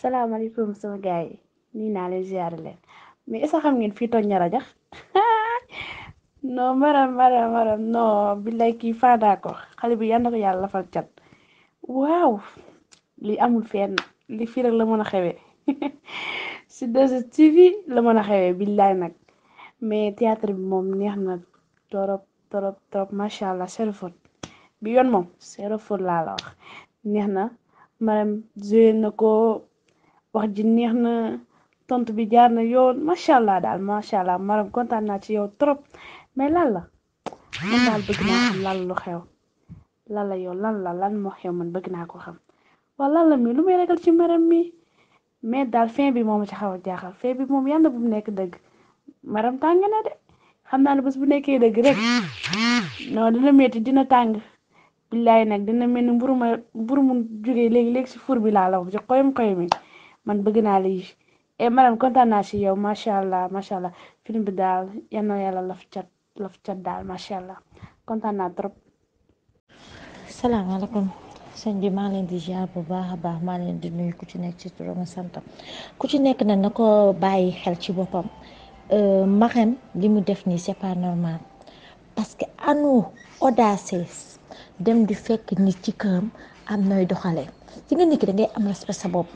salaamaaleykum sama gars yi nii naa leen ziare leen mais xam ngeen fii toj ñara jax non maram maram maram non billaay kii faadaa ko xale bi yàlla na ko lafal cat waaw li amul fenn li fii rek la mën a xewe si 2STV la mën a xewee billaay nag mais théâtre bi moom neex na torop torop torop macha allah zéro bi yoon moom zéro faute laa la neex na maram joué na ko wax ji neex na tontu bi jaar na yoon macha allah daal macha allah maram kontaan naa ci yow trop mais lan la man daal bëgg naa lu xew lan la yow lan la lan moo xew man bëgg naa ko xam waaw la mi lu may ragal ci maram mi mais daal fin bi moom ci xaw a jaaxal fin bi moom yàlla bu mu nekk dëgg maram tàng na de xam naa ne bés bu nekkee dëgg rek non dina metti dina tàng billaay nag dina mel ni mburu ma mburu mu jógee léegi léegi si fur bi laa la wax ci xoyam man bëgg naa lii et eh, madame kontaan naa si yow macha allah macha allah film bi daal yal na yàlla laf cat laf cat daal macha allah kontaan naa trop. salaamaaleykum sëñ bi maa leen di ziar bu baax a baax maa leen di nuyu ku ci nekk ci turam santam ku ci nekk na na ko bàyyi xel ci boppam euh, Marème li mu def nii c'est pas normal parce que anu audace dem di fekk nit ci këram am nooy doxalee ci nga nit ki da ngay am respect sa bopp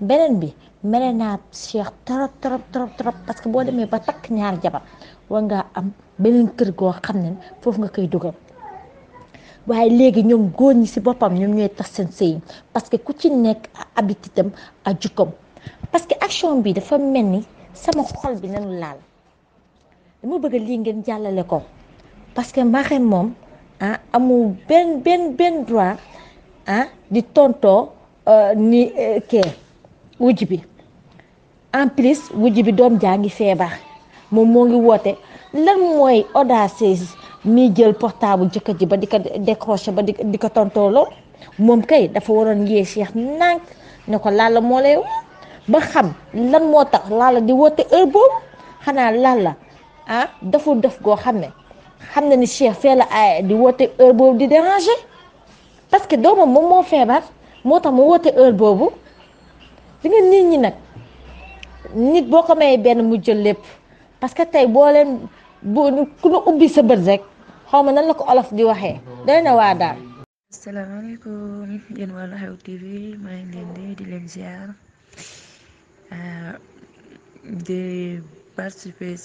beneen bi mere naa Cheikh trop trop trop trop parce que boo demee ba takk ñaar jabar war ngaa am beneen kër goo xam ne foofu nga koy dugal waaye léegi ñoom góor ñi si boppam ñoom ñooy tax seen sëy parce que ku ci nekk ak a jukkoom parce que action bi dafa mel ni sama xol bi nanu laal dama bëgg lii ngeen jàllale ko parce que Marème moom ah amul benn benn benn droit ah di tontoo euh, ni euh, kee wujj bi en plus wujj bi doom jaa ngi feebar moom moo ngi woote lan mooy audace mi jël portable jëkkër ji ba di ko décroché ba di ko tontooloo moom kay dafa waroon yee Cheikh nànk ne ko Lalla moo lay woo ba xam lan moo tax la di woote heure boobu xanaa Lalla ah dafa def goo xam ne xam na ni Cheikh fee la ay ah, di woote heure boobu di déranger parce que doomam moom moo feebar moo tax mu woote heure boobu. di nga nit ñi nag nit boo ko mayee benn mu jël lépp parce que tey boo leen ku nu ubbi sa bët rek xaw ma na la ko olof di waxee doy na waa daal. asalaamaaleykum yéen waa Lu maa ngi leen di di leen ziar euh, di participer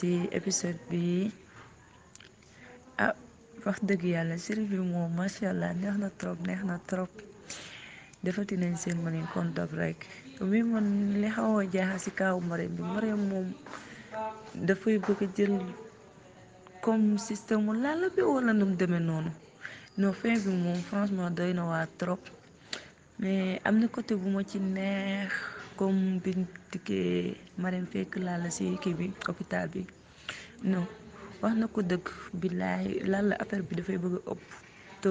bi ah wax dëgg yàlla série bi moom macha allah neex na trop neex na trop defati nañ seen mëneñ kon dog rek. mi man li xaw jaaxal ci kaw Marème bi Marème moom dafay bëgg jël comme système mu lalla bi wala nu mu demee noonu non fin bi moom franchement doy na waa trop mais am na côté bu ma ci neex comme bi dikkee Marème fekk lalla ci kii bi hôpital bi non wax na ko dëgg billaahi lalla affaire bi dafay bëgg a ëpp te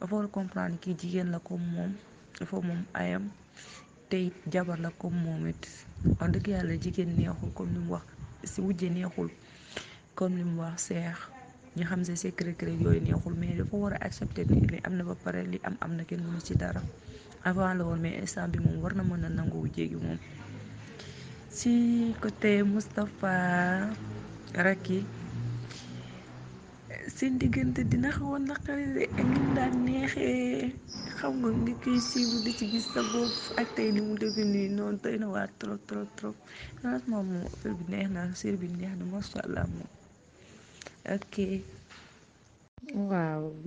dafa comprendre kii jigéen la comme moom dafa moom ayam. te it jabar la comme moom it wax dëgg yàlla jigéen neexul comme li mu wax si wujje neexul comme li mu wax seex ñu xam sa secret yooyu neexul mais dafa war a accepter ni li am na ba pare li am am na kenn mënu ci dara avant la woon mais instant bi moom war na mën a nangu wujje gi moom si côté Moustapha Racky seen diggante dina xawoon naqari de ak ñu daan neexee xam nga ni koy siibu di ci gis sa bopp ak tey ni mu dëgg nii noonu tey na waa trop trop trop franchement moom affaire bi neex na série bi neex na macha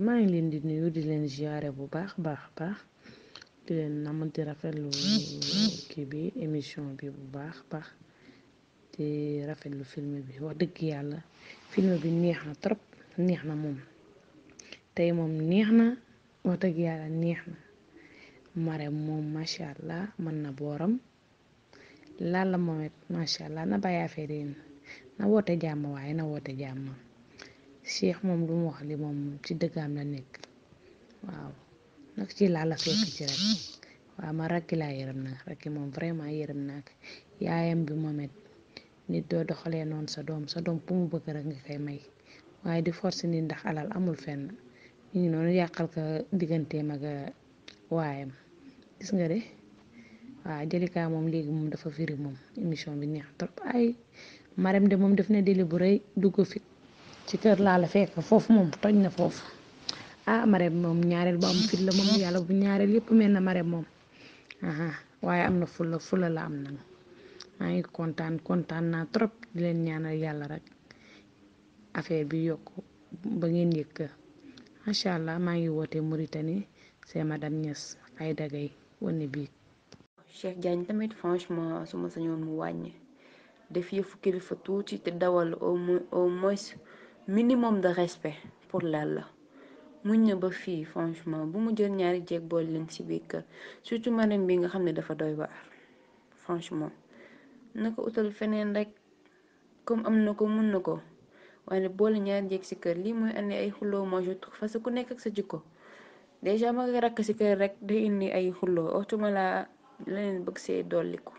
maa ngi leen di nuyu di leen ziare bu baax baax baax di leen nam di rafetlu bi émission bi bu baax baax di bi wax dëgg yàlla film bi na trop neex na moom tey moom neex na wax dëgg yàlla neex na Marème moom macha allah mën na booram Lalla la it macha allah na bàyyi affaire yi na woote jàmm waaye na woote jàmm Cheikh moom lu mu wax li moom ci dëggaam la nekk waaw nag ci Lalla sokki ci rek waaw ma rakki laa yërëm na rakki moom vraiment yërëm naa ko yaayam bi moom nit doo doxalee noon sa doom sa doom bu mu bëgg rek nga koy may waaye di force ni ndax alal amul fenn. ñu ngi noonu yàqal ka digganteem ak euh, ma gis nga de waa Jalika moom léegi moom dafa firi moom émission bi neex trop ay de moom def na délai bu rëy dugg fi ci kër laa la fekk foofu moom toj na foofu ah Marème moom ñaareel bu am fit la moom yàlla bu ñaareel yëpp mel na Marème moom waaye am na fula fula la am nag maa ngi kontaan kontaan naa trop leen ñaanal yàlla rek affaire bi yokk ba ngeen yëkk macha allah maa ngi wootee Mauritanie c'est madame Niass ay dagay wane bii. Cheikh Diagne tamit franchement suma ma sañoon mu wàññi def yëfu kilifa tuuti te dawal au moins minimum de respect pour lalla muñ na ba fii franchement bu mu jël ñaari jeeg boole leen ci biir kër surtout marine bi nga xam ne dafa doy waar franchement na ko utal feneen rek comme am na ko mun na ko. waaye boole ñaar jeeg si kër lii mooy andi ay xulloo moju parce que ku nekk sa jikko dèjà ma rakk si kër rek day indi ay xulloo waxtuma laa leneen bëgg see dolliku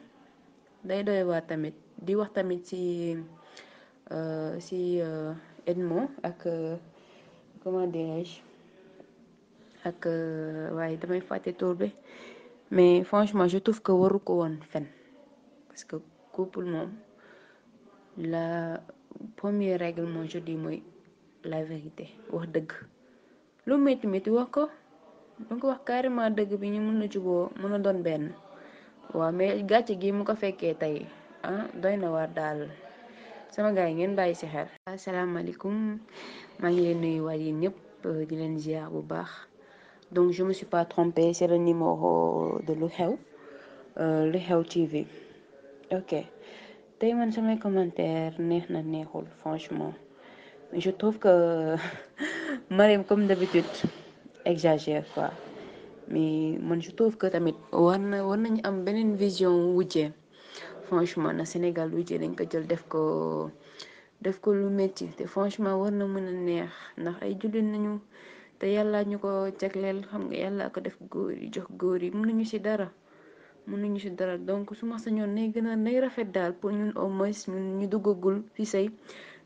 day doy waa tamit di wax tamit ci si euh, euh, Edmond ak euh, comment dirais ak waaye damay fàtte tur bi mais franchement je trouve que waru ko woon fen parce que couple moom la première règle mooy je mooy la vérité wax dëgg lu métti métti wax ko danga ko wax carrément dëgg bi ñu mën na juboo mën a doon benn waaw mais gàcce gi mu ko fekkee tey ah, doy na waar daal sama gars yi ngeen bàyyi si xel. asalaamaaleykum maa ngi leen nuy waay yéen ñëpp euh, di leen ziar bu baax donc je me suis pas trompée c'est le de lu xew euh, lu xew TV tey man samay commentaire neex na neexul franchement je trouve que Marème comme d'habitude exagère quoi mais man je trouve que tamit war na war nañu am beneen vision wujjee franchement na Sénégal wujjee nañ ko jël def ko def ko lu métti te franchement war na mën a neex ndax ay jullit nañu te yàlla ñu ko jagleel xam nga yàlla ko def góor yi jox góor yi mënuñu si dara. mun mënuñu si dara donc su ma sañoon nay gën a nay rafet daal pour ñun au moins ñun ñu duggagul fi sëy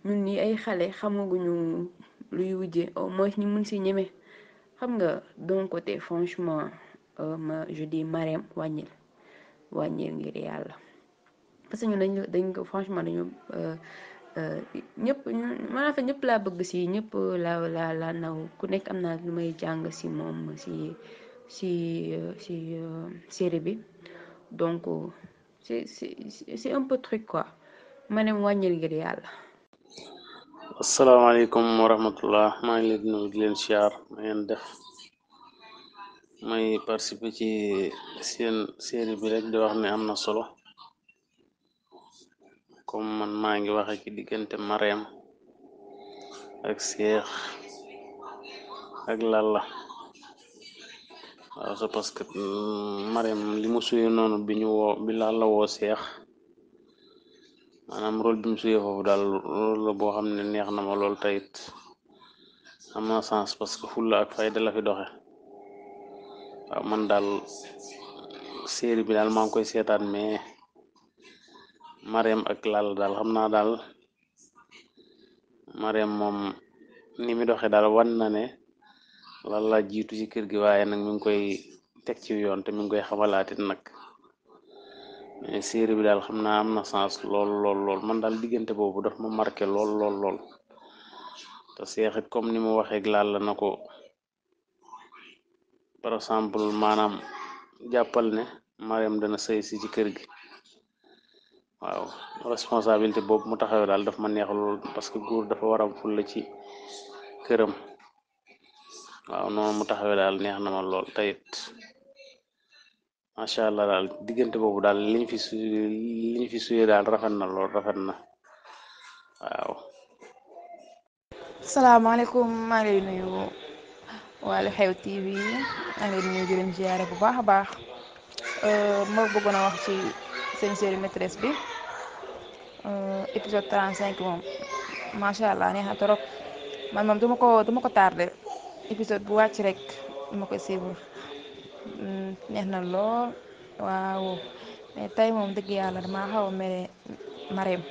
ñun ñi ay xale xamaguñu luy wujje au moins ñu mun si ñeme xam nga donc côté franchement euh, ma je di Marème wàññil wàññil ngir yàlla parce que ñun dañ dañ ko franchement dañu euh, euh, ñëpp maanaam fa ñëpp laa bëgg si ñëpp laa laa laa naw ku nekk am naa lu may jàng si moom si si si série bi donc c'est c'est un peu truc quoi ma ne wàññil ngir yàlla asalaamaaleykum wa rahmatullah maa ngi leen di nuyu leen siyaar ma ngeen def may participer ci seen série bi rek di wax ne am na solo comme man maa ngi waxe ci diggante Marème ak seex ak Lalla c'est parce que mm, Mariam li mu suye noonu bi ñu woo la woo seex maanaam rôle bi mu suye daal loolu la boo xam ne neex na ma lool tayit am na sens parce que fulla ak fayda la fi doxe waaw man daal série bi daal maa koy seetaan mais Mariam ak laal daal xam naa daal Mariam moom ni mi doxe daal wan na ne loolu la jiitu ci kër gi waaye nag mi ngi koy teg ci yoon te mi ngi koy xamalaatit nag série bi daal xam naa am na sens lool lool lool man daal diggante boobu daf ma marqué lool lool lool te seexit comme ni mu waxee laal la na ko par exemple maanaam jàppal ne Mariam dana sëy si ci kër gi waaw responsabilité boob mu taxawee daal daf ma neex lool parce que góor dafa war a fulla ci këram waaw noonu mu taxawee daal neex na ma lool tayit macha allah daal diggante boobu daal liñ fi su liñ fi suyee daal rafet na lool rafet na waaw. salaamaaleykum maa ngi lay nuyu waa Xew TV maa ngi lay nuyu bu baax a baax euh, ma bëggoon a wax ci seen série maîtresse bi euh, épisode 35 moom macha allah neex trop man moom du ko du ma épisode bu wàcc rek ma koy suivre mm, neex na lool waaw mais tey moom dëgg yàlla damaa xaw a mere mareem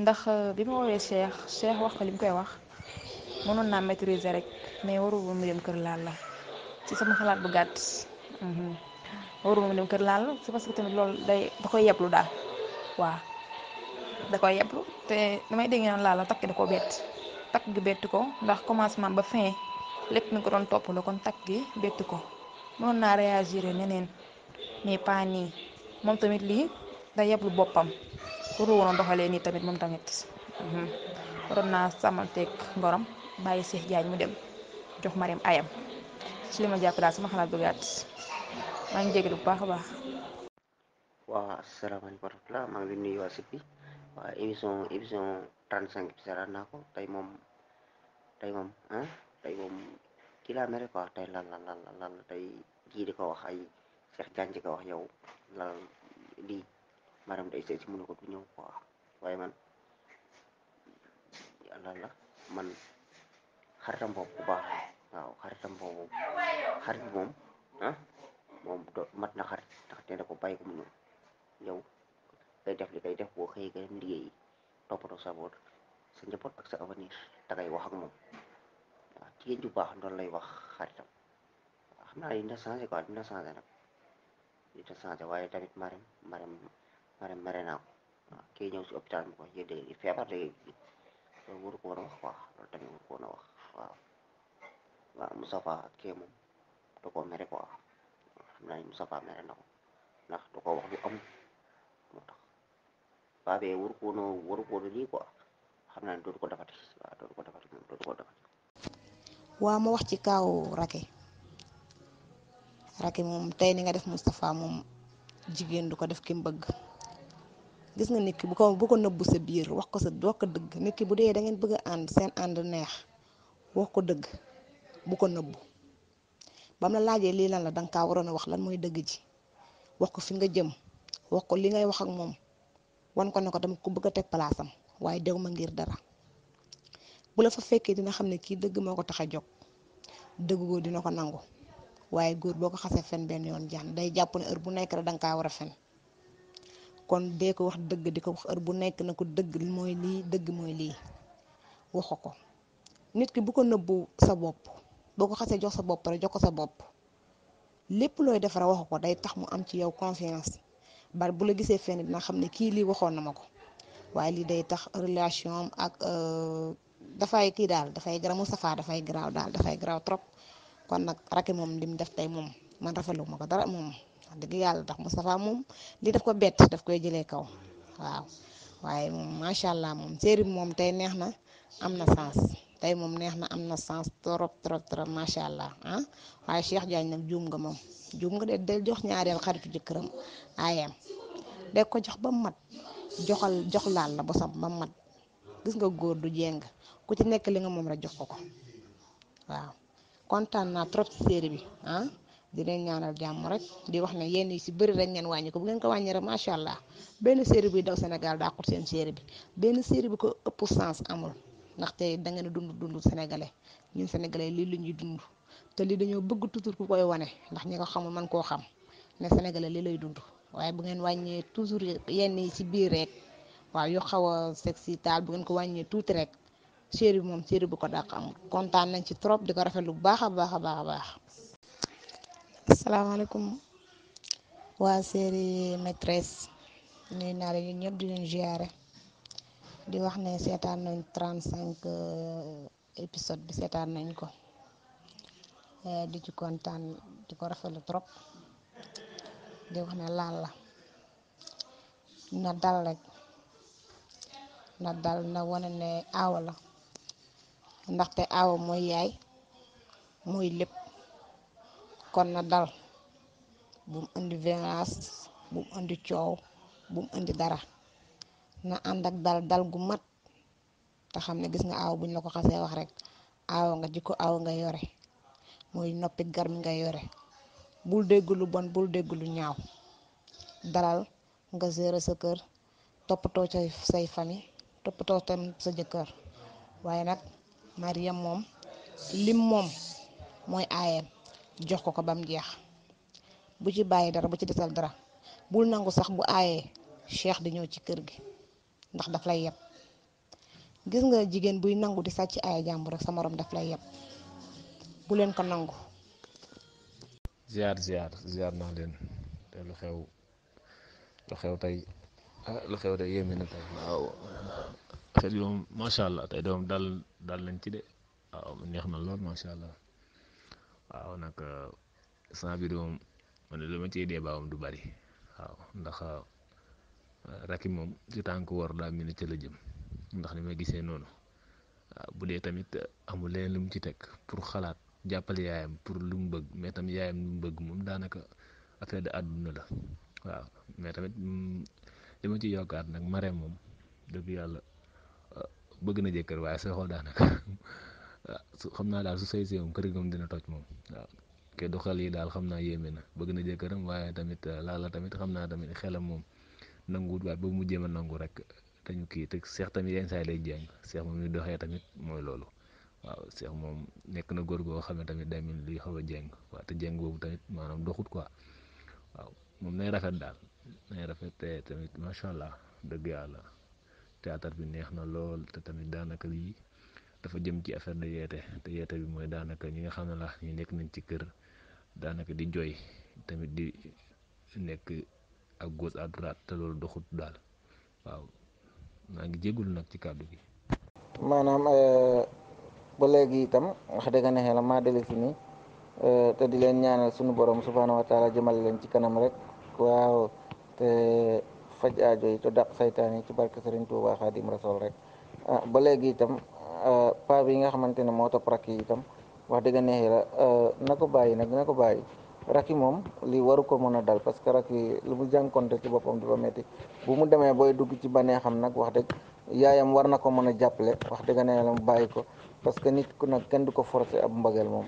ndax euh, bi ma woowee Cheikh Cheikh wax ko li mu koy wax mënoon naa maîtriser rek mais waru mu dem kër laal la ci sama xalaat bu gàtt mhm. waru mu dem kër laal la c'est parce que tamit loolu day da koy yeblu daal waaw da koy yeblu te damay dégg naan laal la takk da ko bett takk gi bett ko ndax commencement ba fin lépp mi ko doon topp la kon takk gi bett ko mënoon naa réagir neneen mais pas nii moom tamit lii da lu boppam pour woon a doxalee nii tamit moom tamit mhm. waroon naa sàmmanteeg ngorom bàyyi Cheikh Diagne mu dem jox Mariam ayam ci li ma jàpp daal sama xalaat bu gàtt maa ngi jégalu bu baax a baax. waaw asalaamaaleykum wa rahmatulah émission émission 35 ko tey moom tey moom kilaamere quoi tey lal la lal lal di ko wax ay Cheikh Diagne di ko wax yow lal lii maanaam day sëy mu ne ko du ñëw waaye man lal la man xaritam bu baax waaw xaritam xarit moom ah mat na xarit ndax nee na ko bàyyi ko mu ñëw yow def li ngay def boo xëyee nga dem liggéeyi toppatoo sa sa njaboot ak sa avenir da ngay wax moom jigéen ju baax noonu lay wax xaritam waaw na naa dina changé quoi dina changé nag dina changé waaye tamit marem marem marem mare naa ko waaw kii ñëw si hôpital bi quoi yéen dégg feebar dégg ko woon a wax quoi loolu tamit a wax waaw waaw Moustapha moom da mere quoi xam naa ni Moustapha mere na ko ndax da wax lu am moo tax baabee waru ko woon ko woon a lii quoi xam naa ne dootu ko defati waaw dootu ko moom dootu ko defati waa ma wax ci kaaw Racky Racky moom tey ni nga def Moustapha moom jigéen du ko def ki mu bëgg gis nga nit bu ko bu ko nëbbu sa biir wax ko sa wax ko dëgg nit bu dee da ngeen bëgg a ànd seen ànd neex wax ko dëgg bu ko nëbbu bam la laajee lii lan la danga kaa waroon a wax lan mooy dëgg ji wax ko fi nga jëm wax ko li ngay wax ak moom wan ko ne ko dama ko bëgg a teg palaasam waaye dew ma ngir dara bu la fa fekkee dina xam ne kii dëgg moo ko tax a jóg dëgg góor dina ko nangu waaye góor boo ko xasee fen benn yoon jaan day jàpp ne heure bu nekk rek da kaa war a fen kon dee ko wax dëgg di ko wax heure bu nekk na ko dëgg mooy lii dëgg mooy lii waxu ko nit ki bu ko nëbbu sa bopp boo xasee jox sa bopp jox ko sa bopp lépp looy defara waxu ko day tax mu am ci yow confiance bar bu la gisee fenn dina xam ne kii lii waxoon na ma ko waaye lii day tax relation ak. Euh, dafay kii daal dafay garaaw Moustapha dafay garaaw daal dafay garaaw trop kon nag Racky moom li mu def tey moom man rafetlu ko dara moom wax dëgg yàlla ndax Moustapha moom li def ko bett daf koy jëlee kaw waaw waaye moom macha allah moom série moom tey neex na am na sens tey moom neex na am na sens trop trop trop macha allah ah waaye Cheikh Diagne nag juum nga moom juum nga de del jox ñaareel xaritu jëkkëram ayam de ko jox ba mat joxal jox laal la bosam ba mat gis nga góor du jeng ku ci nekk li nga moom rek jox ko ko waaw kontaan naa trop ci bi ah di leen ñaanal jàmm rek di wax ne yenn yi si bëri rek ngeen wàññi ko bu ngeen ko wàññi macha allah benn série buy daw Sénégal dàqut seen série bi benn série bi ko ëpp amul ndaxte da ngeen dund dund sénégalais ñun sénégalais lii lu dund te lii dañoo bëgg toujours ku koy wane ndax ñi ko xamul man koo xam ne sénégalais lii lay dund waaye bu ngeen wàññee toujours yenn yi si biir rek waaw yu xaw a sexy taal bu ngeen ko wàññee tuuti rek série bi moom série bu ko dàq am kontaan nañ ci trop di ko rafetlu bu baax a baax a baax a baax. asalaamaaleykum waa série maîtresse ni naa la ñun ñëpp di leen ziare di wax ne seetaan nañ trente cinq euh, épisode bi seetaan nañ ko euh, di ci kontaan di ko rafetlu trop di wax ne laal la na dal rek na dal na wane ne aawa la ndaxte awa mooy yaay mooy lépp kon na dal bum indi violence bum indi coow bum indi dara na ànd ak dal dal gu mat te xam ne gis nga aw buñ la ko xasee wax rek aw nga jikko aw nga yore mooy noppi gar nga yore bul dégg lu bon bul dégg lu ñaaw dalal nga gérer sa kër toppatoo say famille toppatoo tam sa jëkkër waaye nag Maria moom lim moom mooy aayam jox ko ko bam jeex bu ci bàyyi dara bu ci desal dara bul nangu sax bu aaye cheikh di ñëw ci kër gi ndax daf lay yeb gis nga jigéen buy nangu di sàcc aaya jàmbur rek sa moroom daf lay yeb bu leen ko nangu. ziar ziar ziar naa leen te lu xew lu xew tey ah, lu xew tey yéeme na tey affaire bi moom macha allah tey doom daal daal lañ ci de waaw neex na lool macha allah waaw nag sant bi moom man ma ciy débat moom du bari waaw ndax euh, rakki moom ci tànk war daa mel ni ca la jëm ndax ni ma gisee noonu waaw bu dee tamit amul leneen lu mu ci teg pour xalaat jàppale yaayam pour lu mu bëgg mais tam yaayam lu mu bëgg moom daanaka affaire de àdduna la waaw mais tamit mm, li ma ci yokkaat nag Marème moom dëgg yàlla. bëgg na jëkkër waaye sooy xool daanaka su xam naa daal su sëy see moom kër gi moom dina toj moom waaw ke du xel yi daal xam naa yéeme na bëgg na jëkkëram waaye tamit euh, laala tamit xam naa tamit xelam moom nanguwut waaye ba mu jéem a nangu rek te kii te seex tamit yenn saa yi day seex moom ñu doxee tamit mooy loolu waaw seex moom nekk na góor goo xam ne tamit day mel li xaw a jeng waaw te jeng boobu tamit maanaam doxut ko waaw moom nay rafet daal nay rafet te tamit macha allah dëgg yàlla. théâtre bi neex na lool te tamit daanaka lii dafa jëm ci affaire de yeete te yeete bi mooy daanaka ñi nga xam ne la ñu nekk nañ ci kër daanaka di joy tamit di nekk ak gauche à droite te loolu doxut daal waaw maa ngi jégalu nag ci kàddu gi. maanaam euh, ba léegi itam wax dëgg ne xelam maa dellu nii euh, te di leen ñaanal suñu borom subhaanahu wa taala jëmale leen ci kanam rek waaw te. faj ajo yi te dàq saytaan yi ci barke Sëriñ Tuubaa Xaadim Rasuul rek ah, ba léegi itam ah, pa bi nga xamante ne moo topp rakk yi itam wax dëgg neex la ah, na ko bàyyi nag na ko bàyyi rakk yi moom li waru ko mën a dal parce que rakk yi lu mu jànkonte ci boppam dafa metti bu mu demee booy dugg ci banee xam nag wax dëgg yaayam war na ko mën a jàppale wax dëgg ne yàlla mu bàyyi ko parce que nit ku nag kenn du ko forcer ab mbëggeel moom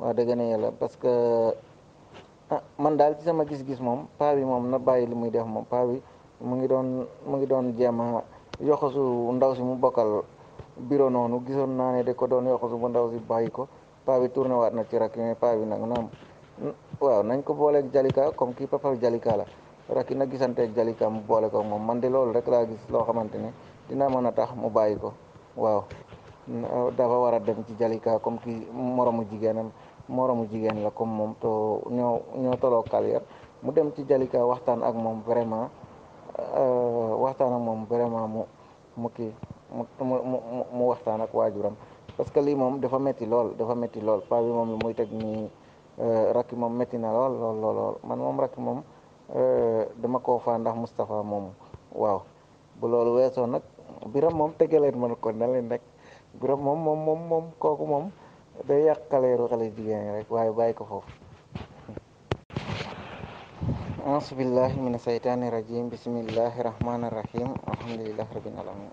wax dëgg ne yàlla parce que ah man daal ci sama gis-gis moom paa bi moom na bàyyi li muy def moom paa bi mu ngi doon mu ngi doon jéem a yoxosu ndaw si mu bokkal bureau noonu gisoon naa ne da ko doon yoxosu ba ndaw si bàyyi ko paa bi tourné waat na ci rakk yi paa bi nag naam waaw nañ ko booleek Jalika comme kii papa Jalika la rakk yi nag gisanteeg Jalika mu boole ko moom man de loolu rek laa gis loo xamante ne dina mën a tax mu bàyyi ko waaw dafa war a dem ci Jalika comme kii moromu jigéenam moromu jigéen la comme moom to ñoo ñoo toloo carrière mu dem ci Jalika waxtaan ak moom vraiment Euh, waxtaan ak moom vraiment mu mu kii mu mu mu waxtaan ak waajuram parce que lii moom dafa metti lool dafa metti lool pa moom lu muy teg nii euh, raki moom metti na lool lool lool lool moom rakki moom euh, dama koo faa ndax Moustapha moom waaw bu loolu weesoo nag biram moom tegaleen man ko na leen rek biram moom moom moom moom kooku moom day yàq kaleeru xale jigéen rek waaye bàyyi ko foofu auzu billahi mina saytaani rajim bismillahi rahmaani rahim alhamdulillahi rabbil alamin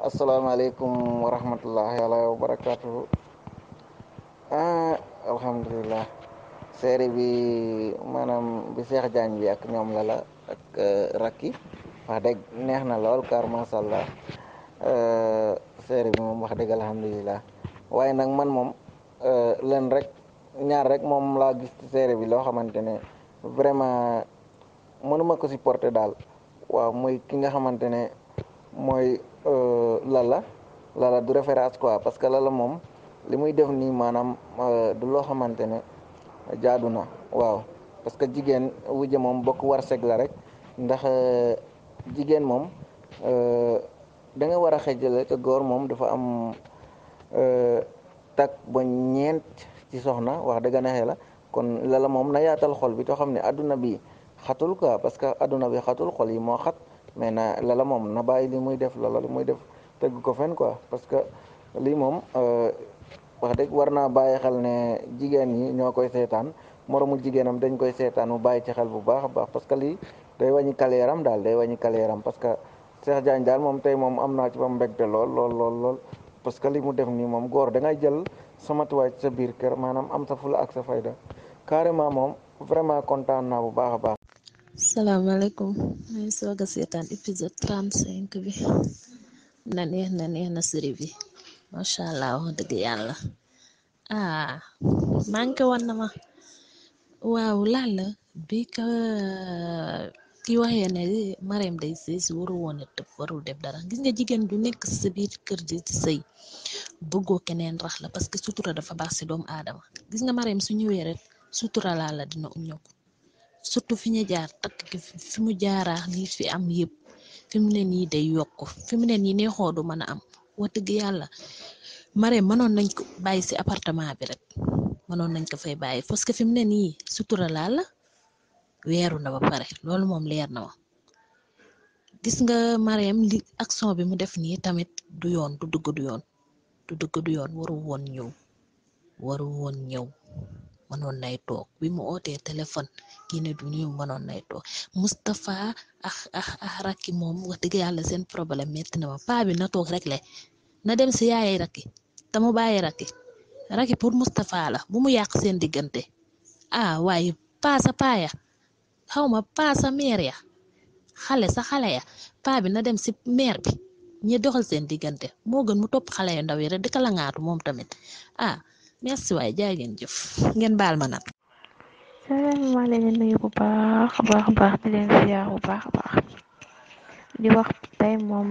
asalaamaaleykum wa rahmatullahi wa barakatuhu ah alhamdulilah série bi maanaam bi Cheikh Diagne bi ak ñoom lala ak eh, rakki wax neex na lool car masha Allah eh, bi moom wax dëgg alhamdulilah waaye nag man moom eh, leen rek ñaar rek moom laa gis bi loo xamante ne vraiment mënuma ko supporter daal waaw mooy ki nga xamante ne mooy euh, Lalla lala du référence quoi parce que Lalla moom li muy def nii maanaam euh, du loo xamante ne jaadu na waaw parce que jigéen wujje moom bokk war seg la rek ndax euh, jigéen moom da nga war a xejale te góor moom dafa am takk ba ñeent ci soxna wax dëgg neexee la kon lala moom na yaatal xol bi te xam ne adduna bi xatul quoi parce que adduna bi xatul xol yi moo xat mais na lala moom na bàyyi li muy def lala li muy def tëgg ko fen quoi parce que lii moom euh, wax dëgg war naa bàyyi xel ne jigéen ñi ñoo koy seetaan moromu jigéenam dañ koy seetaan mu bàyyi ci xel bu baax a baax parce que lii day wàññi kaleeram daal day wàññi kaleeram parce que Cheikh Diagne daal moom tey moom am naa ci ba mbégte lool lool lool lool parce que lii mu def nii moom góor dangay jël sama tuwaay sa biir kër maanaam am sa fula ak sa fayda carrément moom vraiment kontaan naa bu baax a baax. salaamaaleykum maa ngi soog a seetaan épisode 35 bi na neex na neex na série bi macha allah dëgg yàlla ah manqué woon na ma waaw laal la bi ka ki waxee ne mareem day sëy si waru woon tëb warul def dara gis nga jigéen ju nekk sa biir kër di sëy bëggoo keneen rax la parce que sutura dafa baax si doomu aadama gis nga mareem su ñëwee rek sutura laa la dina uññoo surtout fi ñu jaar takk fi mu jaaraax li fi am yëpp fi mu ne nii day yokk fi mu ne nii neexoo du mën a am wax dëgg yàlla mareem mënoon nañ ko bàyyi si apartement bi rek mënoon ko fay bàyyi parce que fi mu ne nii sutura laa weeru na ba pare loolu moom leer na ma gis nga Marème li action bi mu def nii tamit du yoon du dëgg du yoon du dëgg du waru woon ñëw waru woon ñëw mënoon nay toog bi mu ootee téléphone kii ne du ñëw mënoon nay toog Moustapha ah ah ah moom wax dëgg yàlla seen problème metti na ma paa na toog rek le na dem si yaay rakki te mu bàyyi rakki rakki pour Moustapha la bu mu yàq seen diggante ah waaye paa paaya xawma paa sa meer ya xale sax xale ya paa bi na dem si meer bi ñi doxal seen diggante moo gën mu topp xale yu ndaw yi rek di ko la ŋaatu moom tamit ah merci waay jaay ngeen jëf ngeen baal ma nag. salaamaaleykum bu baax baax a baax bu baax a baax di wax tey moom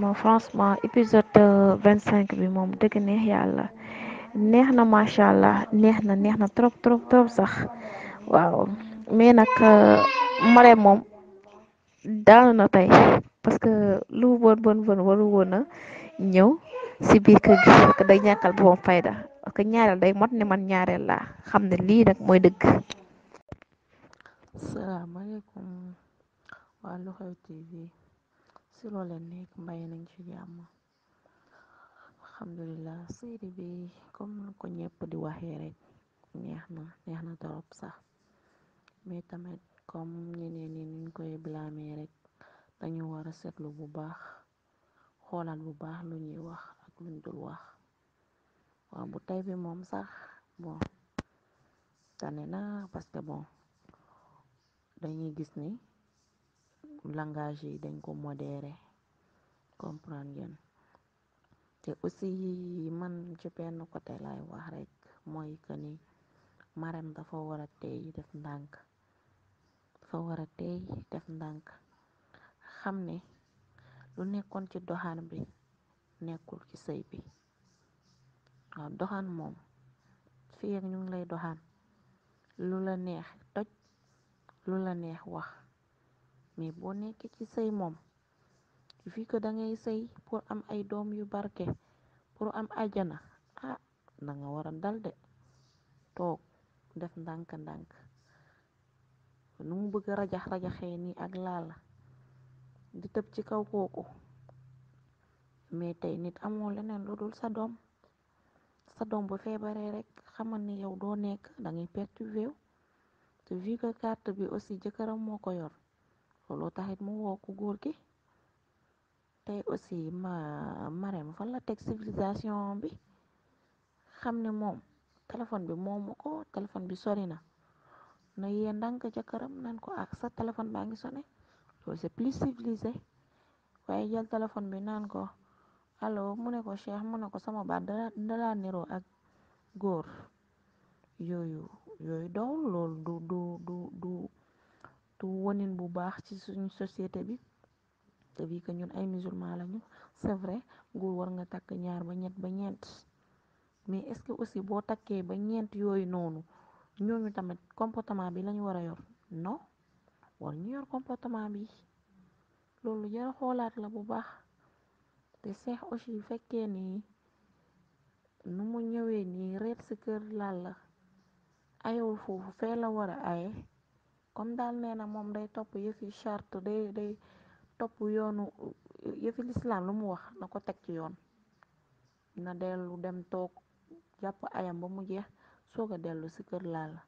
épisode vingt cinq bi moom dëgg neex yàlla neex na macha allah neex na neex na trop trop trop sax waaw. mais nag euh, Marème moom daanu na tey parce que lu bon bon bon waru woon a ñëw si biir kër gi parce que fayda parce que ñaareel day mot ne man ñaareel laa xam ne lii nag mooy dëgg. salaamaaleykum waa si loolu la nekk mbay nañ ci jàmm alhamdulilah série bi comme ko di waxee rek neex na neex sax. mais tamit comme ñeneen ni nuñ koy blaamee rek dañu wara setlu bu baax xoolaat bu baax lu ñuy wax ak luñ dul wax waaw bu tey bi moom sax bon tane na parce que bon dañuy gis ni langage yi dañ ko modéré comprendre ngeen te aussi man ci benn côté lay wax rek mooy que ni Marème dafa war a tey def ndànk fa wara teey def ndank xam ne lu nekkoon ci doxaan bi nekkul ci sëy bi waaw doxaan moom fiir ñu lay doxaan lu la neex toj lu la neex wax mais boo nekk ci sëy moom fi ko dangay sëy pour am ay doom yu barke pour am ajana ah danga wara dal de toog def ndànk ndànk nu mu bëgg rajax-rajaxee ni ak laal la di tëb ci kaw kooku mais tey nit amoo leneen lu dul sa doom sa doom bu feebaree rek xamal ni yow doo nekk dangay perturbé wu te vu que carte bi aussi jëkkëram moo ko yor looloo taxit mu woo ko góor gi tey aussi ma Marème fan la teg civilisation bi xam ne moom téléphone bi moomu ko téléphone bi sori na na yee ndànk jëkkëram nan ko ak sa téléphone baa ngi sone loolu c'est plus civilisé waaye jël téléphone bi naan ko allo mu ne ko cheikh mu ne ko sama baat dalaa niroo ak góor yooyu yooyu dowul loolu du du du du wonin bu baax ci suñu société bi te bi que ñun ay musulman lañu c'est vrai góor war nga takk ñaar ba ñett ba ñeent mais est-ce que aussi boo takkee ba ñeent yooyu noonu ñooñu tamit comportement bi lañu war a yor non war ñu yor comportement bi loolu jara xoolaat la bu baax te Cheikh aussi fekkee ni nu mu ñëwee nii reet ci kër Lalla ayewul foofu fee la war a aye kon daal nee na moom day topp yëfi charte day day topp yoonu yëfi lislaam lu mu wax na ko teg ci yoon na dellu dem toog jàpp ayam ba mu jeex soog a dellu ci kër laal la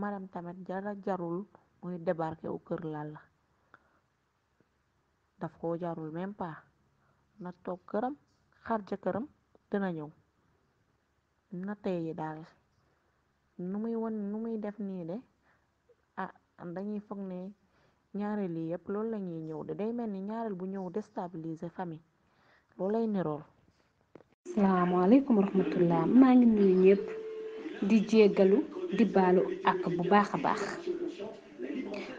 Maram tamit dara jarul muy debarke wu kër la daf ko jarul même pas na toog këram xar këram dina ñëw na teyi daal nu muy won nu muy def nii de ah dañuy foog ne ñaareel yi yëpp loolu lañuy ñëw de day mel ni ñaareel bu ñëw déstabiliser famille loolay nirool salaamaaleykum warahmatullah maa ngi nuyu ñëpp di jéggalu di baalu ak bu baax a baax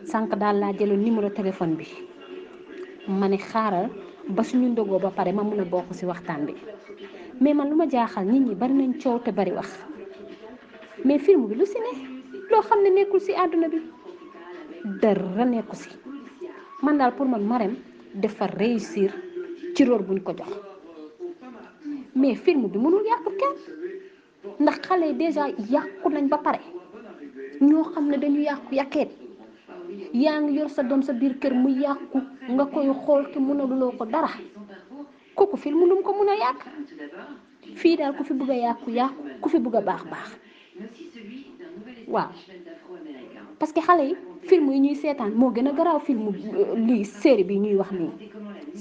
sànq daal laa jëloon numéro téléphone bi ma ne xaaral ba suñu ndogoo ba pare ma mun a bokk ci waxtaan bi mais man lu ma jaaxal nit ñi bari nañ coow te bari wax mais film bi lu si ne loo xam ne nekkul si àdduna bi dara nekku si man daal pour man Marème defar réussir ci rôle buñ ko jox mais film bi mënul yàq kenn. ndax xale yi déjà yàqu nañ ba pare ñoo xam ne dañu yàqu yàqeet yaa ngi yor sa doom sa biir kër mu yàqu nga koy xool te mënaloo ko dara kooku fii mu lu mu ko mën a yàq fii daal ku fi bugg a yàqu yàqu ku fi bugg a baax baax waaw parce que xale yi film yi ñuy seetaan moo gën a garaaw film euh, lii série bi ñuy wax nii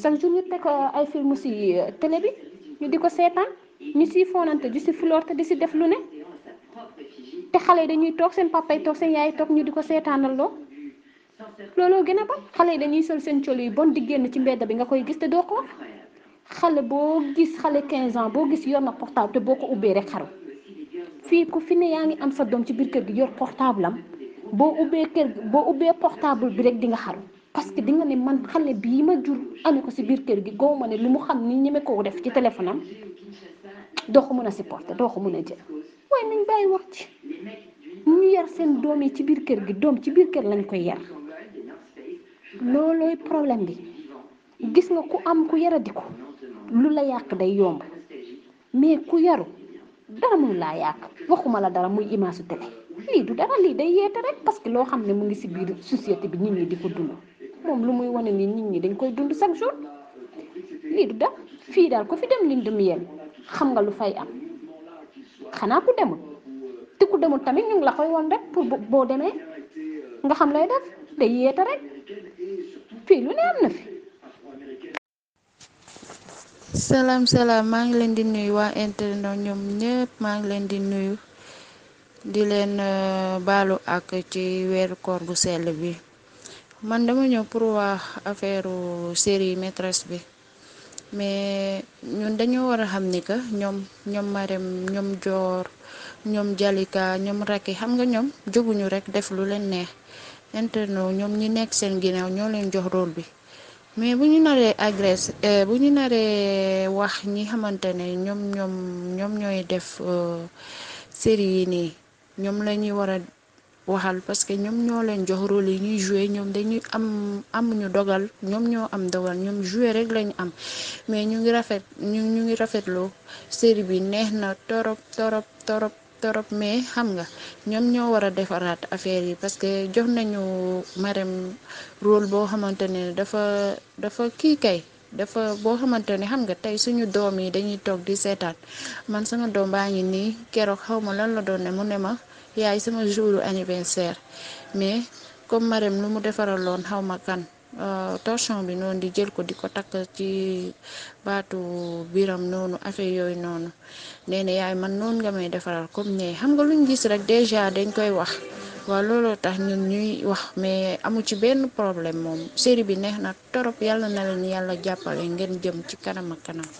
chaque jour ñu teg euh, ay film ci euh, télé bi ñu di ko seetaan. ñu siy fonante ju si fuloor te di si def lu ne te xale yi dañuy toog seen papa yi toog seen yaay toog ñu di ko seetaanal loo looloo gën a ba xale yi dañuy sol seen col yi bon di génn ci mbedd bi nga koy gis te doo ko xale boo gis xale 15 ans boo gis yor na portable te boo ko ubbee rek xaru fii ku fi ne yaa ngi am sa doom ci biir kër gi yor portable am boo ubbee kër boo ubbee portable bi rek di nga xaru parce que di nga ne man xale bii ma jur ko si biir kër gi gow ma ne lu mu xam ni ñeme koo def ci téléphone am doo ko mun a supporter doo ko mun a jël waaye nañ bàyyi wax ci ñu yar seen doom yi ci biir kër gi doom ci biir kër lañ koy yar loolooy problème bi gis nga ku am ku yaradi ko lu la yàq day yomb mais ku yaru dara mun laa yàq waxuma la dara muy image su télé lii du dara lii day yeete rek parce que loo xam ne mu ngi si biir société bi nit ñi di ko dund moom lu muy wone ni nit ñi dañ koy dund chaque jour lii du dara fii daal ko fi dem liñ dem yéen xam nga lu fay am xanaa ku demul te ku demul tamit ñu la koy won rek pour boo demee nga xam lay def te yéete rek fii lu ne am na fi. salaam salaam maa ngi leen di nuyu waa internet ñoom ñëpp maa ngi leen di nuyu di leen euh, baalu ak ci weeru koor bu sell bi man dama ñëw pour wax affaire série maîtresse bi. mais ñun dañoo war a xam ni que ñoom ñoom Marème ñoom joor ñoom Jalika ñoom Racky xam nga ñoom jóguñu rek def lu leen neex interno ñoom ñi nekk seen ginnaaw ñoo leen jox rôle bi mais bu ñu naree agresse eh, bu ñu naree wax ñi xamante ne ñoom ñoom ñoom ñooy def euh, série yi nii ñoom la ñuy waxal parce que ñoom ñoo leen jox rôle yi ñuy joué ñoom dañuy am ñu dogal ñoom ñoo am dogal ñoom joué rek lañu am mais ñu ngi rafet ñu ñu ngi rafetloo série bi neex na torop torop torop torop mais xam nga ñoom ñoo war a defaraat affaire yi parce que jox nañu marem rôle boo xamante ne dafa dafa kii kay dafa boo xamante ne xam nga tey suñu doom yi dañuy toog di seetaan man sama doom baa ngi nii keroog xaw ma lan la doon ne mu ne ma. yaay sama jour anniversaire mais comme marem lu mu defaral loon xaw ma kan euh, torchon bi noonu di jël ko di ko takk ci baatu biiram noonu affaire yooyu noonu nee na yaay man noonu nga may defaral comme ne xam nga luñ gis rek déjà dañ koy wax waaw looloo tax ñun ñuy wax mais amu ci benn problème moom série bi neex na torop yàlla na leen yàlla jàppale ngeen jëm ci kanam kanam.